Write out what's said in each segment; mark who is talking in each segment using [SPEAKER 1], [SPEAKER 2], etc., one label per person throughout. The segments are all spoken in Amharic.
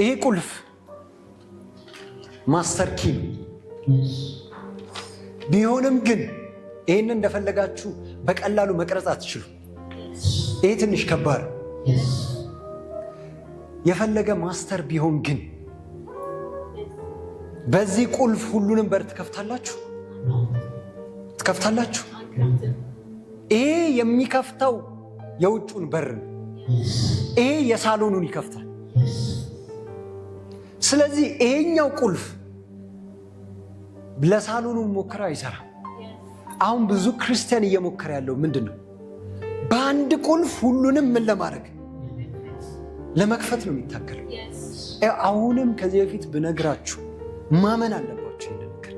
[SPEAKER 1] ይሄ ቁልፍ ማስተር ኪ ቢሆንም ግን ይህን እንደፈለጋችሁ በቀላሉ መቅረጽ አትችሉም። ይሄ ትንሽ ከባድ የፈለገ ማስተር ቢሆን ግን በዚህ ቁልፍ ሁሉንም በር ትከፍታላችሁ ትከፍታላችሁ። ይሄ የሚከፍተው የውጩን በር ነው። ይሄ የሳሎኑን ይከፍታል። ስለዚህ ይሄኛው ቁልፍ ለሳሎኑ ሞክራ አይሰራም። አሁን ብዙ ክርስቲያን እየሞከረ ያለው ምንድን ነው? በአንድ ቁልፍ ሁሉንም ምን ለማድረግ ለመክፈት ነው የሚታገለው። አሁንም ከዚህ በፊት ብነግራችሁ ማመን አለባችሁ፣ እንደነገር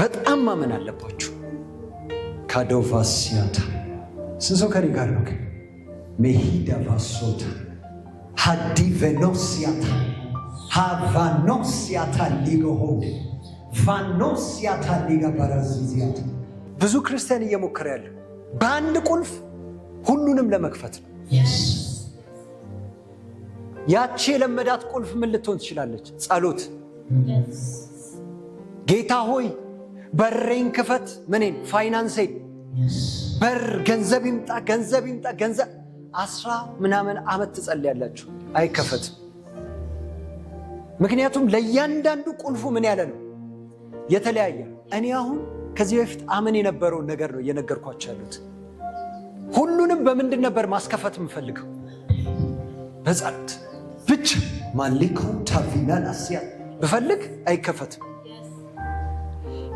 [SPEAKER 1] በጣም ማመን አለባችሁ። ካዶቫሲያታ ስንሶ ከሪ ጋር ነው መሂዳ ቫሶታ ሀዲ ቬኖሲያታ ብዙ ክርስቲያን እየሞከረ ያለ በአንድ ቁልፍ ሁሉንም ለመክፈት ነው። ያቺ የለመዳት ቁልፍ ምን ልትሆን ትችላለች? ጸሎት። ጌታ ሆይ በሬን ክፈት፣ ምኔን፣ ፋይናንሴን፣ በር ገንዘብ ይምጣ፣ ገንዘብ ይምጣ፣ ገንዘብ አስራ ምናምን አመት ትጸልያላችሁ አይከፈትም። ምክንያቱም ለእያንዳንዱ ቁልፉ ምን ያለ ነው የተለያየ። እኔ አሁን ከዚህ በፊት አምን የነበረውን ነገር ነው እየነገርኳቸው ያሉት። ሁሉንም በምንድን ነበር ማስከፈት የምፈልገው? በጸሎት ብቻ ማሊኮ ታፊናን ናስያ ብፈልግ አይከፈትም።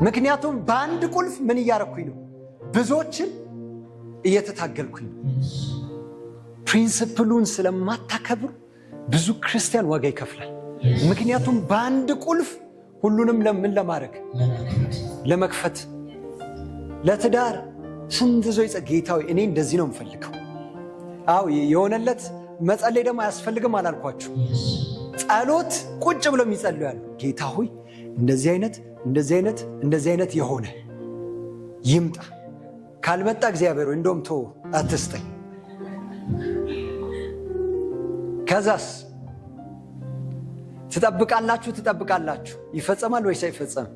[SPEAKER 1] ምክንያቱም በአንድ ቁልፍ ምን እያረኩኝ ነው? ብዙዎችን እየተታገልኩኝ ነው። ፕሪንስፕሉን ስለማታከብሩ ብዙ ክርስቲያን ዋጋ ይከፍላል። ምክንያቱም በአንድ ቁልፍ ሁሉንም ለምን ለማድረግ ለመክፈት ለትዳር ስንት ሰው ይጸ ጌታዊ እኔ እንደዚህ ነው የምፈልገው። አዎ የሆነለት መጸለይ ደግሞ አያስፈልግም አላልኳችሁ። ጸሎት ቁጭ ብሎ የሚጸሉ ያሉ ጌታ ሆይ እንደዚህ አይነት እንደዚህ አይነት እንደዚህ አይነት የሆነ ይምጣ፣ ካልመጣ እግዚአብሔር ወይ እንደውም ቶ አትስጠኝ። ከዛስ ትጠብቃላችሁ ትጠብቃላችሁ፣ ይፈጸማል ወይስ አይፈጸም?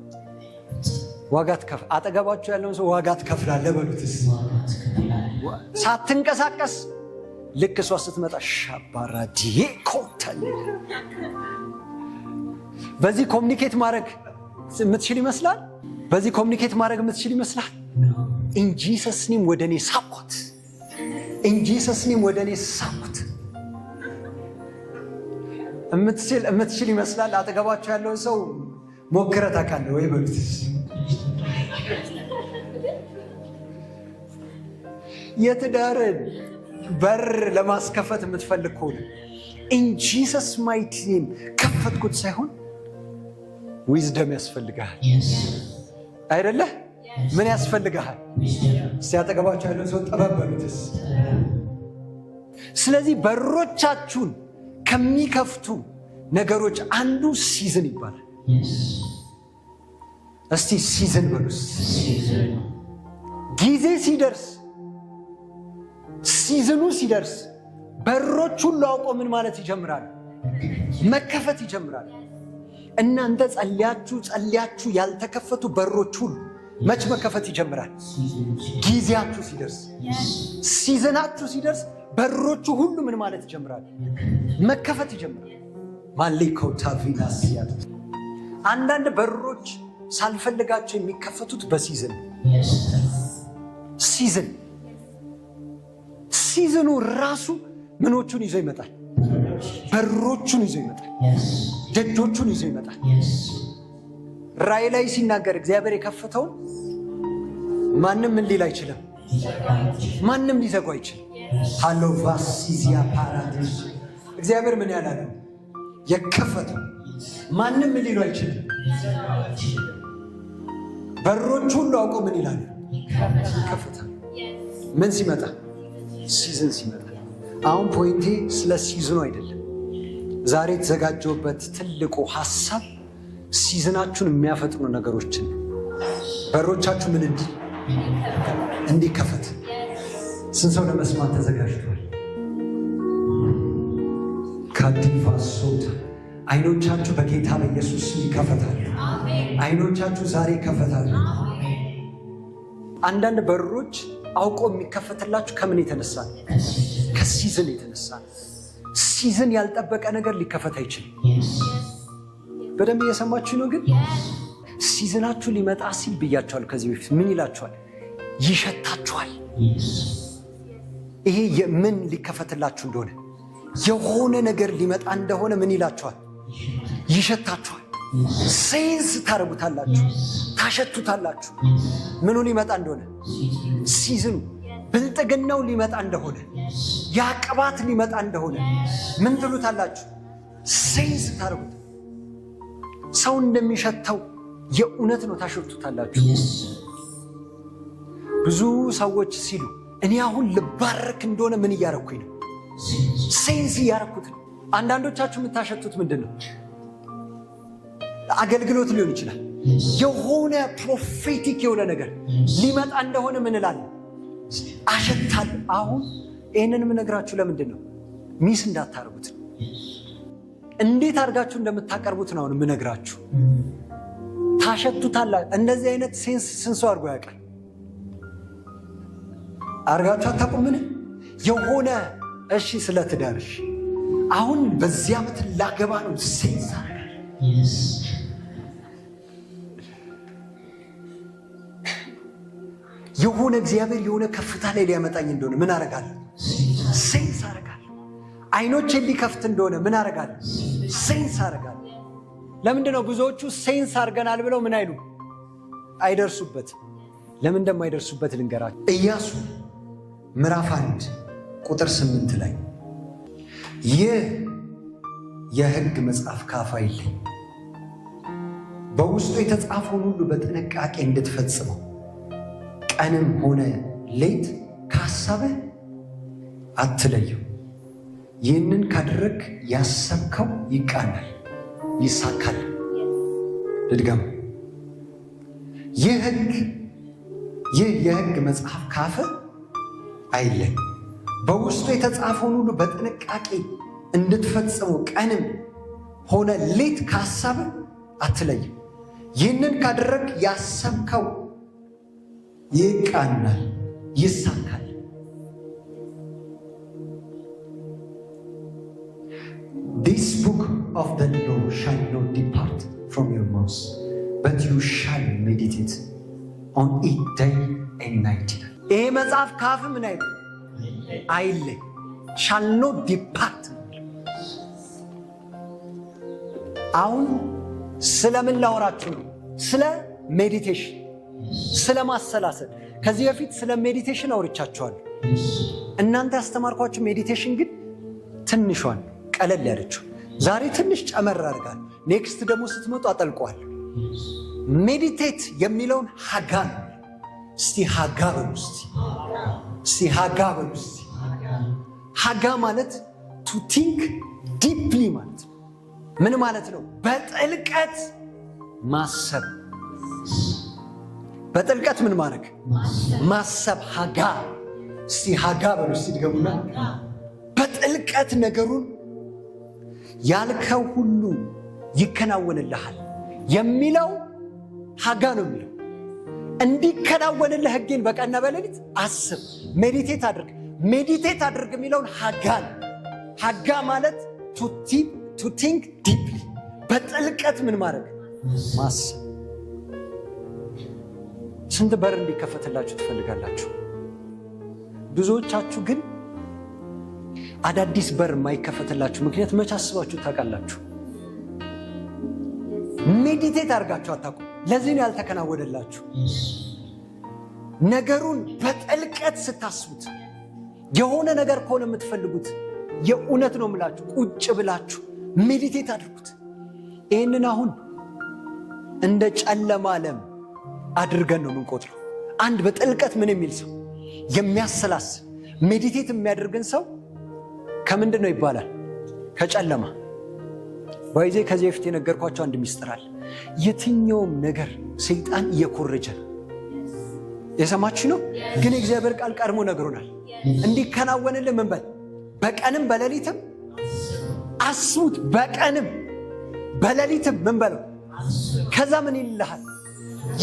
[SPEAKER 1] ዋጋ ትከፍ አጠገባችሁ ያለውን ሰው ዋጋ ትከፍላለህ በሉትስ። ሳትንቀሳቀስ ልክ እሷ ስትመጣ ሻባራዲዬ ኮተል በዚህ ኮሚኒኬት ማድረግ የምትችል ይመስላል። በዚህ ኮሚኒኬት ማድረግ የምትችል ይመስላል። እንጂሰስኒም ወደ እኔ ሳቁት፣ እንጂሰስኒም ወደ እኔ ሳቁት የምትችል እምትችል ይመስላል። አጠገባቸው ያለውን ሰው ሞክረ ታውቃለህ ወይ በሉት። የትዳርን በር ለማስከፈት የምትፈልግ ከሆነ ኢንጂሰስ ማይቲ ኔም ከፈትኩት ሳይሆን ዊዝደም ያስፈልግሃል አይደለ? ምን ያስፈልግሃል? ሲያጠገባቸው አጠገባችሁ ሰው ጠበብ በሉትስ። ስለዚህ በሮቻችሁን ከሚከፍቱ ነገሮች አንዱ ሲዝን ይባላል። እስቲ ሲዝን በሉስ። ጊዜ ሲደርስ ሲዝኑ ሲደርስ በሮች ሁሉ አውቆ ምን ማለት ይጀምራል? መከፈት ይጀምራል። እናንተ ጸልያችሁ ጸልያችሁ ያልተከፈቱ በሮች ሁሉ መች መከፈት ይጀምራል? ጊዜያችሁ ሲደርስ፣ ሲዝናችሁ ሲደርስ በሮቹ ሁሉ ምን ማለት ይጀምራል? መከፈት ይጀምራል። ማሌኮታ ቪላስ ያለ አንዳንድ በሮች ሳልፈልጋቸው የሚከፈቱት በሲዝን ሲዝን ሲዝኑ ራሱ ምኖቹን ይዞ ይመጣል። በሮቹን ይዞ ይመጣል። ደጆቹን ይዞ ይመጣል። ራእይ ላይ ሲናገር እግዚአብሔር የከፈተውን ማንም ምን ሊል አይችልም። ማንም ሊዘጉ አይችልም። ሃሎቫሲዚያ ፓራዲስ እግዚአብሔር ምን ያላለ የከፈተው ማንም ምን ሊሉ አይችልም። በሮች ሁሉ አውቆ ምን ይላሉ? ከፍታ ምን ሲመጣ ሲዝን ሲመጣ። አሁን ፖይንቴ ስለ ሲዝኑ አይደለም። ዛሬ የተዘጋጀውበት ትልቁ ሀሳብ ሲዝናችሁን የሚያፈጥኑ ነገሮችን በሮቻችሁ ምን እንዲህ እንዲከፈት ስንት ሰው ለመስማት ተዘጋጅቷል? ካዲፋሶት አይኖቻችሁ በጌታ በኢየሱስ ይከፈታሉ። አይኖቻችሁ ዛሬ ይከፈታሉ። አንዳንድ በሮች አውቆ የሚከፈትላችሁ ከምን የተነሳ ነው? ከሲዝን የተነሳ ሲዝን ያልጠበቀ ነገር ሊከፈት አይችልም። በደንብ እየሰማችሁ ነው። ግን ሲዝናችሁ ሊመጣ ሲል ብያችኋል። ከዚህ በፊት ምን ይላችኋል? ይሸታችኋል ይሄ የምን ሊከፈትላችሁ እንደሆነ የሆነ ነገር ሊመጣ እንደሆነ ምን ይላችኋል? ይሸታችኋል። ሴንስ ታደርጉታላችሁ፣ ታሸቱታላችሁ። ምኑ ሊመጣ እንደሆነ ሲዝኑ፣ ብልጥግናው ሊመጣ እንደሆነ፣ የአቅባት ሊመጣ እንደሆነ ምን ትሉታላችሁ? ሴንስ ታደርጉት። ሰው እንደሚሸተው የእውነት ነው፣ ታሸቱታላችሁ። ብዙ ሰዎች ሲሉ እኔ አሁን ልባረክ እንደሆነ ምን እያረኩኝ ነው? ሴንስ እያረኩት ነው። አንዳንዶቻችሁ የምታሸቱት ምንድን ነው? አገልግሎት ሊሆን ይችላል። የሆነ ፕሮፌቲክ የሆነ ነገር ሊመጣ እንደሆነ ምን እላለሁ አሸታለሁ። አሁን ይህንን የምነግራችሁ ለምንድን ነው? ሚስ እንዳታርጉት ነው። እንዴት አድርጋችሁ እንደምታቀርቡት ነው አሁን የምነግራችሁ። ታሸቱታላ። እንደዚህ አይነት ሴንስ ስንሰው አድርጎ ያውቃል። አርጋችሁ አታቁምን? የሆነ እሺ፣ ስለ ትዳርሽ አሁን በዚህ ዓመት ላገባ ነው ሴንሳ የሆነ እግዚአብሔር የሆነ ከፍታ ላይ ሊያመጣኝ እንደሆነ ምን አረጋለሁ? ሴንስ አረጋለሁ። አይኖቼን ሊከፍት እንደሆነ ምን አረጋለሁ? ሴንስ አረጋለሁ። ለምንድን ነው ብዙዎቹ ሴንስ አድርገናል ብለው ምን አይሉ አይደርሱበት? ለምን አይደርሱበት ልንገራቸው። ኢያሱ ምዕራፍ አንድ ቁጥር ስምንት ላይ ይህ የሕግ መጽሐፍ ካፋ አይለይ፣ በውስጡ የተጻፈውን ሁሉ በጥንቃቄ እንድትፈጽመው ቀንም ሆነ ሌት ከሐሳብህ አትለየው። ይህንን ካደረግ ያሰብከው ይቃናል፣ ይሳካል። ልድገም። ይህ ሕግ ይህ የሕግ መጽሐፍ ካፍህ አይለይ። በውስጡ የተጻፈውን ሁሉ በጥንቃቄ እንድትፈጽሙ ቀንም ሆነ ሌት ከሐሳብ አትለይ። ይህንን ካደረግ ያሰብከው ይቃናል፣ ይሳካል። ዲስ ቡክ ኦፍ ዘ ሎው ሻል ኖት ዲፓርት ፍሮም ዮር ማውዝ በት ዩ ሻል ሜዲቴት ኦን ኢት ደይ ኤንድ ናይት ይሄ መጽሐፍ ካፍ ምን አይል አይል ሻል ኖ ዲፓርት። አሁን ስለምን ላወራችሁ ነው? ስለ ሜዲቴሽን፣ ስለ ማሰላሰል። ከዚህ በፊት ስለ ሜዲቴሽን አውርቻችኋለሁ። እናንተ ያስተማርኳችሁ ሜዲቴሽን ግን ትንሿን ቀለል ያለችው ዛሬ ትንሽ ጨመር አድርጋል። ኔክስት ደግሞ ስትመጡ አጠልቋል። ሜዲቴት የሚለውን ሀጋ እስቲ ሀጋ በሉ። እስቲ ሀጋ በሉ። እስቲ ሀጋ ማለት ቱ ቲንክ ዲፕሊ ማለት ነው። ምን ማለት ነው? በጥልቀት ማሰብ፣ በጥልቀት ምን ማድረግ ማሰብ። ሀጋ እስቲ ሀጋ በሉ። እስቲ ድገሙና በጥልቀት ነገሩን ያልከው ሁሉ ይከናወንልሃል የሚለው ሀጋ ነው የሚለው እንዲከናወንልህ ህጌን በቀንና በሌሊት አስብ፣ ሜዲቴት አድርግ። ሜዲቴት አድርግ የሚለውን ሀጋ ሀጋ ማለት ቱ ቲንክ ዲፕሊ በጥልቀት ምን ማድረግ ማስብ። ስንት በር እንዲከፈትላችሁ ትፈልጋላችሁ? ብዙዎቻችሁ ግን አዳዲስ በር የማይከፈትላችሁ ምክንያት መች አስባችሁ ታውቃላችሁ? ሜዲቴት አድርጋችሁ አታውቁም። ለዚህ ነው ያልተከናወነላችሁ። ነገሩን በጥልቀት ስታስቡት የሆነ ነገር ከሆነ የምትፈልጉት የእውነት ነው የምላችሁ፣ ቁጭ ብላችሁ ሜዲቴት አድርጉት። ይህንን አሁን እንደ ጨለማ ዓለም አድርገን ነው የምንቆጥረው። አንድ በጥልቀት ምን የሚል ሰው የሚያሰላስብ ሜዲቴት የሚያደርግን ሰው ከምንድን ነው ይባላል? ከጨለማ ባይዜ ከዚህ በፊት የነገርኳቸው አንድ ሚስጥር አለ። የትኛውም ነገር ሰይጣን እየኮረጀ ነው። የሰማችሁ ነው። ግን እግዚአብሔር ቃል ቀድሞ ነግሮናል። እንዲከናወንልን ምን በል በቀንም በሌሊትም አስቡት። በቀንም በሌሊትም ምን በለው ከዛ ምን ይልሃል?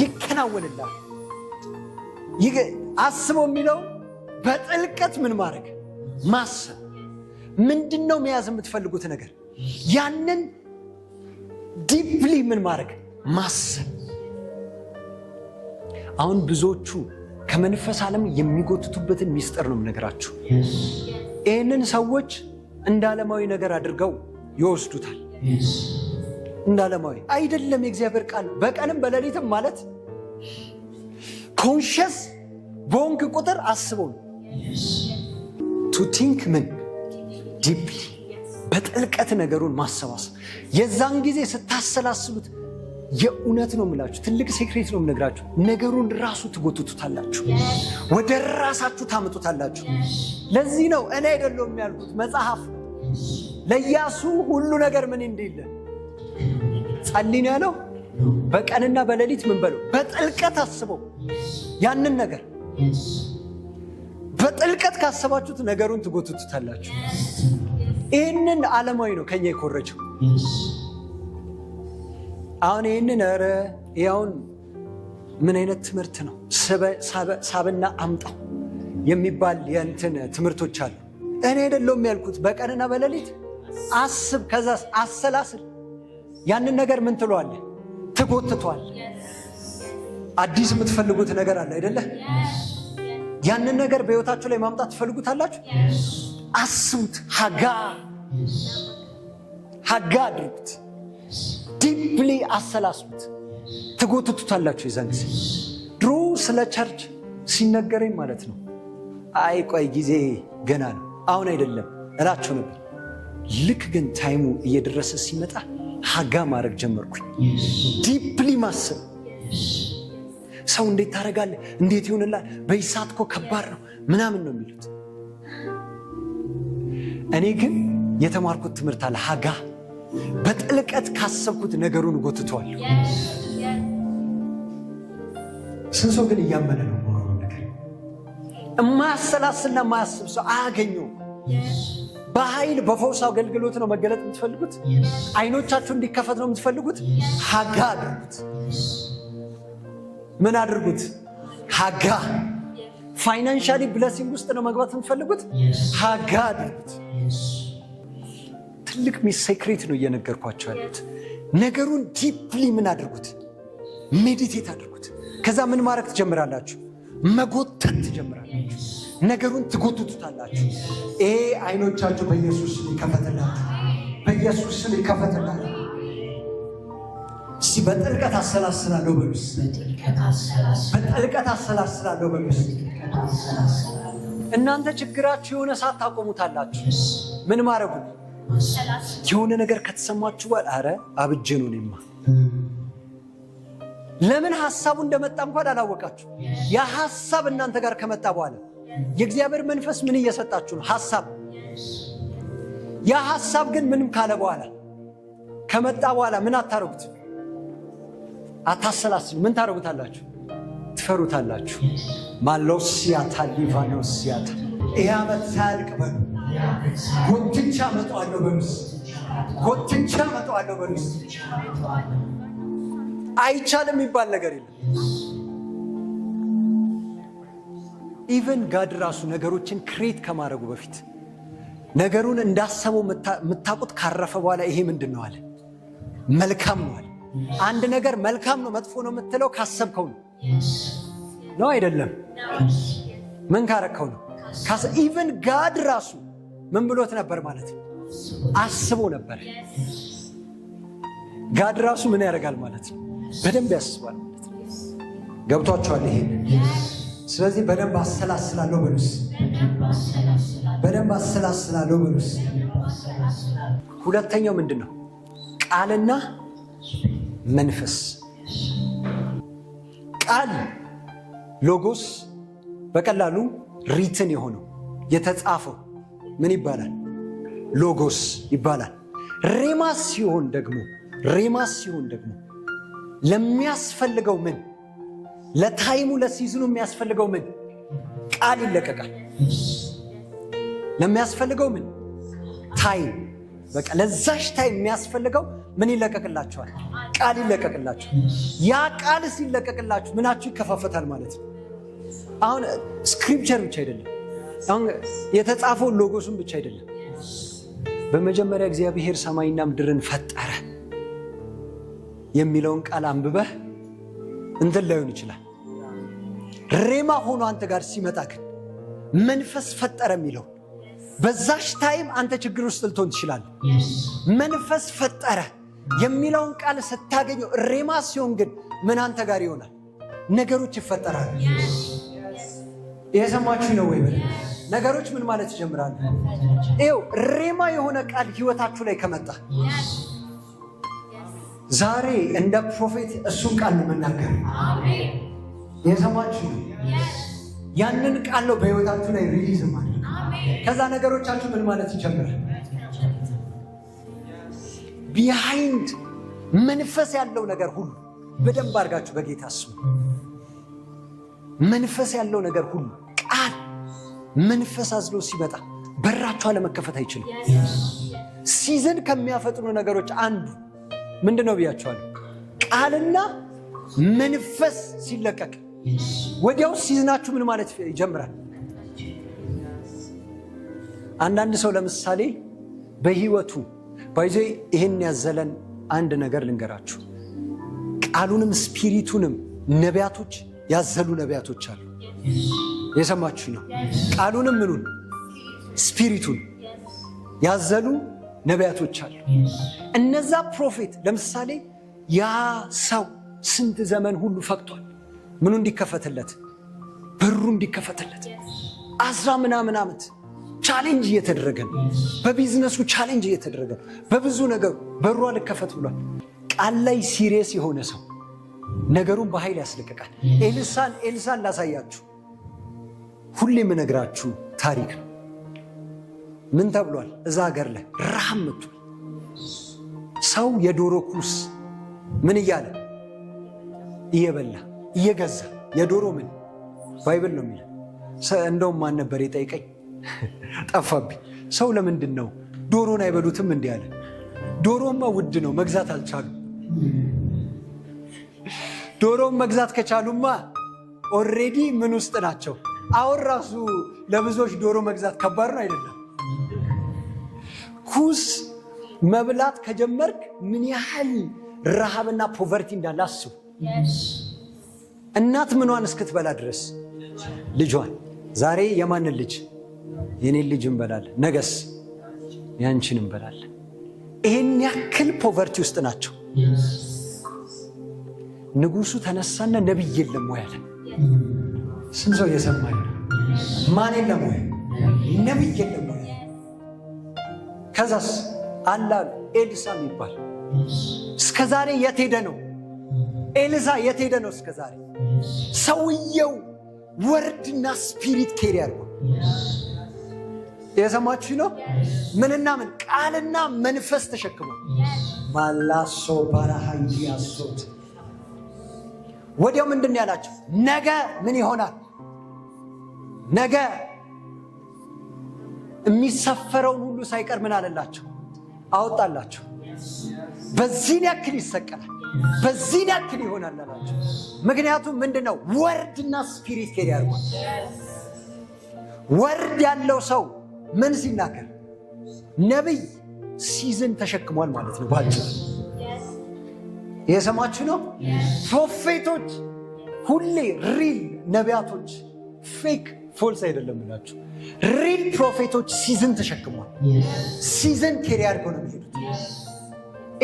[SPEAKER 1] ይከናወንልሃል። አስበው የሚለው በጥልቀት ምን ማድረግ ማሰብ ምንድን ነው መያዝ የምትፈልጉት ነገር ያንን ዲፕሊ ምን ማድረግ ማሰብ። አሁን ብዙዎቹ ከመንፈስ ዓለም የሚጎትቱበትን ሚስጥር ነው የምነግራችሁ። ይህንን ሰዎች እንደ ዓለማዊ ነገር አድርገው ይወስዱታል። እንደ ዓለማዊ አይደለም። የእግዚአብሔር ቃል በቀንም በሌሊትም ማለት ኮንሽስ በወንክ ቁጥር አስበው ቱ ቲንክ ምን ዲፕሊ በጥልቀት ነገሩን ማሰባሰብ የዛን ጊዜ ስታሰላስሉት የእውነት ነው የምላችሁ፣ ትልቅ ሴክሬት ነው የምነግራችሁ። ነገሩን ራሱ ትጎትቱታላችሁ፣ ወደ ራሳችሁ ታመጡታላችሁ። ለዚህ ነው እኔ አይደለሁም ያልኩት፣ መጽሐፍ ለኢያሱ ሁሉ ነገር ምን እንደሌለ ጸልይ ነው ያለው። በቀንና በሌሊት ምን በለው፣ በጥልቀት አስበው ያንን ነገር። በጥልቀት ካሰባችሁት ነገሩን ትጎትቱታላችሁ። ይህንን ዓለማዊ ነው ከኛ የኮረጀው። አሁን ይህንን ኧረ ያውን ምን አይነት ትምህርት ነው ሳብና አምጣው የሚባል የእንትን ትምህርቶች አሉ። እኔ አይደለሁም ያልኩት፣ በቀንና በሌሊት አስብ፣ ከዛ አሰላስል። ያንን ነገር ምን ትለዋለህ? ትጎትቷል። አዲስ የምትፈልጉት ነገር አለ አይደለ? ያንን ነገር በህይወታችሁ ላይ ማምጣት ትፈልጉታላችሁ። አስቡት። ሀጋ ሀጋ አድርጉት። ዲፕሊ አሰላስቡት። ትጎትቱታላችሁ። የዛን ጊዜ ድሮ ስለ ቸርች ሲነገረኝ ማለት ነው አይ ቆይ ጊዜ ገና ነው አሁን አይደለም እላቸው ነበር። ልክ ግን ታይሙ እየደረሰ ሲመጣ ሀጋ ማድረግ ጀመርኩኝ። ዲፕሊ ማሰብ ሰው እንዴት ታደርጋለህ? እንዴት ይሆንላል? በይሳት እኮ ከባድ ነው ምናምን ነው የሚሉት እኔ ግን የተማርኩት ትምህርት አለ ሀጋ በጥልቀት ካሰብኩት ነገሩን ጎትቷል ስንት ሰው ግን እያመነ ነው? ነገር የማያሰላስልና የማያስብ ሰው አያገኘውም። በኃይል በፈውስ አገልግሎት ነው መገለጥ የምትፈልጉት? አይኖቻችሁ እንዲከፈት ነው የምትፈልጉት? ሀጋ አድርጉት። ምን አድርጉት? ሀጋ ፋይናንሻሊ ብለሲንግ ውስጥ ነው መግባት የምትፈልጉት፣ ሀጋ አድርጉት። ትልቅ ሚስ ሴክሬት ነው እየነገርኳቸው ያሉት። ነገሩን ዲፕሊ ምን አድርጉት፣ ሜዲቴት አድርጉት። ከዛ ምን ማድረግ ትጀምራላችሁ? መጎተት ትጀምራላችሁ። ነገሩን ትጎትቱታላችሁ። ይሄ አይኖቻችሁ በኢየሱስ ይከፈትላት፣ በኢየሱስ ስም ይከፈትላት። በጥልቀት አሰላስላለሁ በሉስ፣ በጥልቀት አሰላስላለሁ በሉስ እናንተ ችግራችሁ የሆነ ሰዓት ታቆሙታላችሁ። ምን ማድረጉ የሆነ ነገር ከተሰማችሁ በኋላ አረ አብጄ ነው እኔማ ለምን ሐሳቡ እንደመጣ እንኳን አላወቃችሁ። ያ ሐሳብ እናንተ ጋር ከመጣ በኋላ የእግዚአብሔር መንፈስ ምን እየሰጣችሁ ነው? ሐሳብ ያ ሐሳብ ግን ምንም ካለ በኋላ ከመጣ በኋላ ምን አታረጉት፣ አታሰላስሉ። ምን ታረጉታላችሁ? ትፈሩታላችሁ። ማሎሲያ ታሊቫኖሲያ ይህ ዓመት ሳያልቅ በሉ ጎትቻ መጠዋለሁ በሉስ፣ ጎትቻ መጠዋለሁ በሉስ። አይቻልም የሚባል ነገር የለም። ኢቨን ጋድ ራሱ ነገሮችን ክሬት ከማድረጉ በፊት ነገሩን እንዳሰበው የምታውቁት ካረፈ በኋላ ይሄ ምንድን ነው አለ፣ መልካም ነው አለ። አንድ ነገር መልካም ነው መጥፎ ነው የምትለው ካሰብከው ነው። ነው አይደለም? ምን ካረከው ነው? ኢቨን ጋድ ራሱ ምን ብሎት ነበር ማለት ነው? አስቦ ነበር። ጋድ ራሱ ምን ያደርጋል ማለት ነው? በደንብ ያስባል ማለት ነው። ገብቷቸዋል ይሄ ስለዚህ በደንብ አሰላስላለሁ በሉስ፣ በደንብ አሰላስላለሁ በሉስ። ሁለተኛው ምንድን ነው? ቃልና መንፈስ ቃል ሎጎስ በቀላሉ ሪትን የሆነው የተጻፈው ምን ይባላል? ሎጎስ ይባላል። ሬማ ሲሆን ደግሞ ሬማ ሲሆን ደግሞ ለሚያስፈልገው ምን ለታይሙ ለሲዝኑ የሚያስፈልገው ምን ቃል ይለቀቃል። ለሚያስፈልገው ምን ታይም፣ በቃ ለዛሽ ታይም የሚያስፈልገው ምን ይለቀቅላቸዋል? ቃል ይለቀቅላችሁ። ያ ቃል ሲለቀቅላችሁ ምናችሁ ይከፋፈታል ማለት ነው። አሁን ስክሪፕቸር ብቻ አይደለም፣ አሁን የተጻፈው ሎጎሱን ብቻ አይደለም። በመጀመሪያ እግዚአብሔር ሰማይና ምድርን ፈጠረ የሚለውን ቃል አንብበህ እንትን ላይሆን ይችላል። ሬማ ሆኖ አንተ ጋር ሲመጣ ግን መንፈስ ፈጠረ የሚለው በዛሽ ታይም አንተ ችግር ውስጥ ልትሆን ትችላለህ። መንፈስ ፈጠረ የሚለውን ቃል ስታገኘው ሬማ ሲሆን ግን ምን አንተ ጋር ይሆናል፣ ነገሮች ይፈጠራሉ። የሰማችሁ ነው ወይ? ነገሮች ምን ማለት ይጀምራሉ? ይኸው ሬማ የሆነ ቃል ህይወታችሁ ላይ ከመጣ ዛሬ እንደ ፕሮፌት እሱን ቃል መናገር የሰማችሁ ያንን ቃል ነው በህይወታችሁ ላይ ሪሊዝ ማለት ከዛ ነገሮቻችሁ ምን ማለት ይጀምራል? ቢሃይንድ መንፈስ ያለው ነገር ሁሉ በደንብ አድርጋችሁ በጌታ ስሙ። መንፈስ ያለው ነገር ሁሉ ቃል መንፈስ አዝሎ ሲመጣ በራችሁ ለመከፈት አይችልም። ሲዝን ከሚያፈጥኑ ነገሮች አንዱ ምንድን ነው ቃልና መንፈስ ሲለቀቅ ወዲያው ሲዝናችሁ ምን ማለት ይጀምራል። አንዳንድ ሰው ለምሳሌ በህይወቱ ባይዜ ይህን ያዘለን አንድ ነገር ልንገራችሁ። ቃሉንም ስፒሪቱንም ነቢያቶች ያዘሉ ነቢያቶች አሉ። የሰማችሁ ነው። ቃሉንም ምኑን ስፒሪቱን ያዘሉ ነቢያቶች አሉ። እነዛ ፕሮፌት ለምሳሌ ያ ሰው ስንት ዘመን ሁሉ ፈቅቷል። ምኑ እንዲከፈትለት፣ በሩ እንዲከፈትለት አስራ ምናምን ዓመት ቻሌንጅ እየተደረገ ነው። በቢዝነሱ ቻሌንጅ እየተደረገ ነው። በብዙ ነገሩ በሯ ልከፈት ብሏል። ቃል ላይ ሲሪየስ የሆነ ሰው ነገሩን በኃይል ያስለቅቃል። ኤልሳን ኤልሳን ላሳያችሁ። ሁሌ የምነግራችሁ ታሪክ ነው። ምን ተብሏል? እዛ ሀገር ላይ ረሃብ መቱ። ሰው የዶሮ ኩስ ምን እያለ እየበላ እየገዛ የዶሮ ምን ባይብል ነው የሚለው እንደውም ማን ነበር የጠይቀኝ ጠፋብኝ። ሰው ለምንድን ነው ዶሮን አይበሉትም? እንዲህ አለ። ዶሮማ ውድ ነው፣ መግዛት አልቻሉም። ዶሮን መግዛት ከቻሉማ ኦልሬዲ ምን ውስጥ ናቸው? አሁን ራሱ ለብዙዎች ዶሮ መግዛት ከባድ ነው አይደለም? ኩስ መብላት ከጀመርክ ምን ያህል ረሃብና ፖቨርቲ እንዳለ አስቡ። እናት ምኗን እስክትበላ ድረስ ልጇን። ዛሬ የማንን ልጅ የኔን ልጅ እንበላለን፣ ነገስ ያንቺን እንበላለን። ይህን ያክል ፖቨርቲ ውስጥ ናቸው። ንጉሱ ተነሳና ነቢይ የለም ወይ አለ። ስንት ሰው እየሰማ ማን የለም ወይ ነቢይ የለም ወይ? ከዛስ አላሉ ኤልሳ የሚባል እስከ ዛሬ የት ሄደ ነው? ኤልሳ የት ሄደ ነው? እስከ ዛሬ ሰውየው ወርድና ስፒሪት ኬሪ አድርጓል። የሰማችሁ ነው። ምንና ምን ቃልና መንፈስ ተሸክሞ ባላሶ ያሶት ወዲያው ምንድን ያላቸው? ነገ ምን ይሆናል? ነገ የሚሰፈረውን ሁሉ ሳይቀር ምን አለላቸው? አወጣላቸው። በዚህን ያክል ይሰቀላል፣ በዚህን ያክል ይሆናል አላቸው። ምክንያቱም ምንድን ነው ወርድና ስፒሪት ሄድ ያርጓል። ወርድ ያለው ሰው ምን ሲናገር ነቢይ ሲዝን ተሸክሟል ማለት ነው። ባጭ የሰማችሁ ነው። ፕሮፌቶች ሁሌ ሪል ነቢያቶች፣ ፌክ ፎልስ አይደለም ብላችሁ ሪል ፕሮፌቶች ሲዝን ተሸክሟል። ሲዝን ቴሪ አድርገው ነው የሚሄዱት።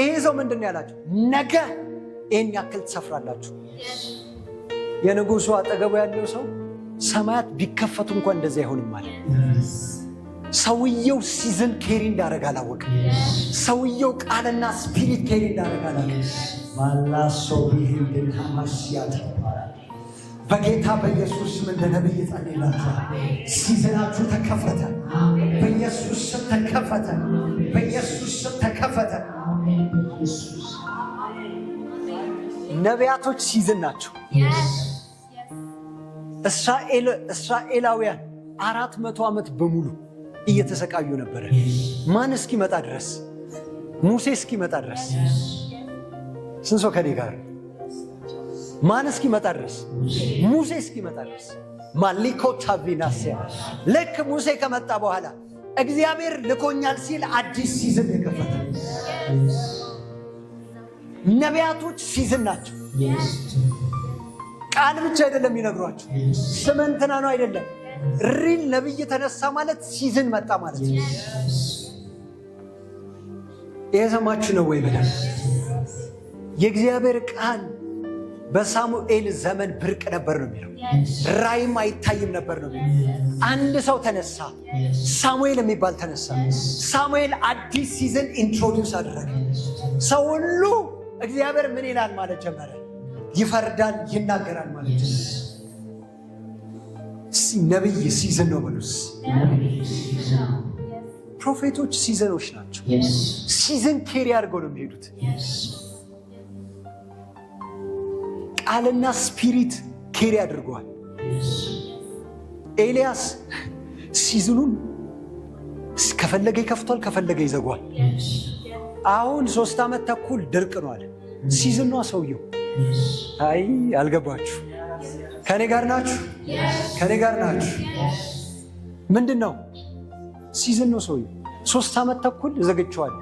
[SPEAKER 1] ይሄ ሰው ምንድን ነው ያላቸው? ነገ ይህን ያክል ትሰፍራላችሁ። የንጉሱ አጠገቡ ያለው ሰው ሰማያት ቢከፈቱ እንኳን እንደዚህ አይሆንም ማለት ሰውየው ሲዝን ኬሪ እንዳደረግ አላወቅ። ሰውየው ቃልና ስፒሪት ኬሪ እንዳደረግ አላወቅ። ባላሰው ይህንድናማስያት በጌታ በኢየሱስ ስም እንደ ነብይ ጸልላችኋል። ሲዝናችሁ ተከፈተ፣ በኢየሱስ ስም ተከፈተ፣ በኢየሱስ ስም ተከፈተ። ነቢያቶች ሲዝን ናቸው። እስራኤላውያን አራት መቶ ዓመት በሙሉ እየተሰቃዩ ነበረ። ማን እስኪመጣ ድረስ ሙሴ እስኪመጣ ድረስ ስንሶ ከኔ ጋር ማን እስኪመጣ ድረስ ሙሴ እስኪመጣ ድረስ ማሊኮ ታቪናሲያ ልክ ሙሴ ከመጣ በኋላ እግዚአብሔር ልኮኛል ሲል አዲስ ሲዝን የከፈተ ነቢያቶች ሲዝን ናቸው። ቃል ብቻ አይደለም የሚነግሯቸው ስም ነው አይደለም ሪል ነብይ ተነሳ ማለት ሲዝን መጣ ማለት ነው። የሰማችሁ ነው ወይ ብለን የእግዚአብሔር ቃል በሳሙኤል ዘመን ብርቅ ነበር ነው የሚለው። ራይም አይታይም ነበር ነው የሚለው። አንድ ሰው ተነሳ፣ ሳሙኤል የሚባል ተነሳ። ሳሙኤል አዲስ ሲዝን ኢንትሮዲውስ አደረገ። ሰው ሁሉ እግዚአብሔር ምን ይላል ማለት ጀመረ። ይፈርዳል፣ ይናገራል ማለት ነብይ ሲዝን ነው በሉስ። ፕሮፌቶች ሲዘኖች ናቸው። ሲዘን ኬሪ አድርገው ነው የሚሄዱት። ቃልና ስፒሪት ኬሪ አድርገዋል። ኤልያስ ሲዝኑን ከፈለገ ይከፍቷል፣ ከፈለገ ይዘጓል። አሁን ሶስት ዓመት ተኩል ድርቅ ነው አለ። ሲዝኗ ሰውየው አይ አልገባችሁ ከኔ ጋር ናችሁ? ከኔ ጋር ናችሁ? ምንድን ነው ሲዝን ነው ሰውዬው። ሶስት ዓመት ተኩል ዘግቸዋል።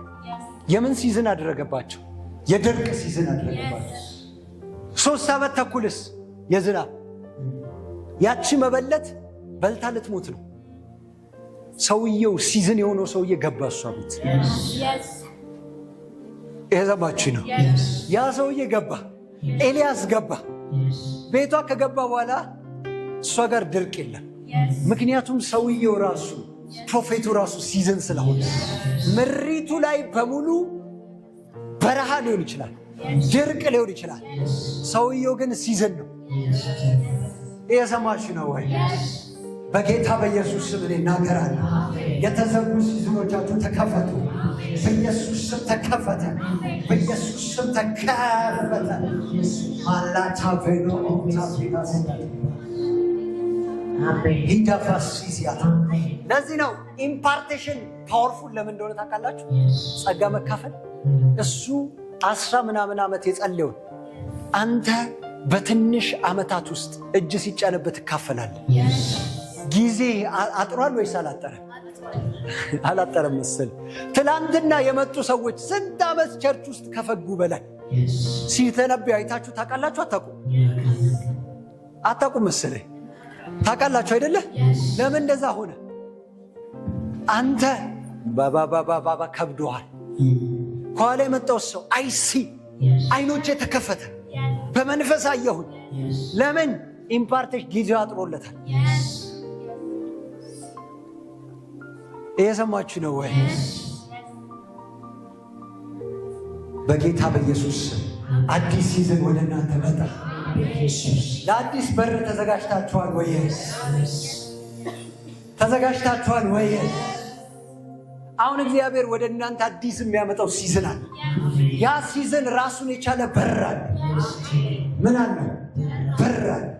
[SPEAKER 1] የምን ሲዝን አደረገባቸው? የድርቅ ሲዝን አደረገባቸው። ሶስት ዓመት ተኩልስ የዝናብ ያቺ መበለት በልታ ልትሞት ነው። ሰውየው ሲዝን የሆነው ሰውዬ ገባ እሷ ቤት። የሰማችሁ ነው። ያ ሰውዬ ገባ፣ ኤልያስ ገባ ቤቷ ከገባ በኋላ እሷ ጋር ድርቅ የለም። ምክንያቱም ሰውየው ራሱ ፕሮፌቱ ራሱ ሲዘን ስለሆነ ምሪቱ ላይ በሙሉ በረሃ ሊሆን ይችላል፣ ድርቅ ሊሆን ይችላል። ሰውየው ግን ሲዘን ነው። እየሰማሽ ነው ወይ? በጌታ በኢየሱስ ስም እኔ እናገራለሁ። የተዘጉ ሲዝኖቻችሁ ተከፈቱ። በኢየሱስ ስም ተከፈተ፣ በኢየሱስ ስም ተከፈተ። ማላታ ቬኖ ለዚህ ነው ኢምፓርቴሽን ፓወርፉል ለምን እንደሆነ ታውቃላችሁ? ጸጋ መካፈል mm-hmm. እሱ አስራ ምናምን ዓመት የጸለየውን አንተ በትንሽ ዓመታት ውስጥ እጅ ሲጫንበት ትካፈላለህ። ጊዜ አጥሯል ወይስ አላጠረም? አላጠረም መሰል። ትላንትና የመጡ ሰዎች ስንት ዓመት ቸርች ውስጥ ከፈጉ በላይ ሲተነብዩ አይታችሁ ታውቃላችሁ? አታውቁ አታውቁ መሰለ ታውቃላችሁ አይደለ? ለምን እንደዛ ሆነ? አንተ ባባባባባ ከብዶሃል። mm. ከኋላ የመጣው ሰው አይሲ አይኖች የተከፈተ በመንፈስ አየሁኝ። ለምን ኢምፓርቴሽ ጊዜው አጥሮለታል። እየሰማችሁ ነው ወይ? በጌታ በኢየሱስ አዲስ ሲዝን ወደ እናንተ መጣ። ለአዲስ በር ተዘጋጅታችኋል ወይ? ተዘጋጅታችኋል ወይ? አሁን እግዚአብሔር ወደ እናንተ አዲስ የሚያመጣው ሲዝን አለ። ያ ሲዝን ራሱን የቻለ በር አለ። ምን አለ? በር አለ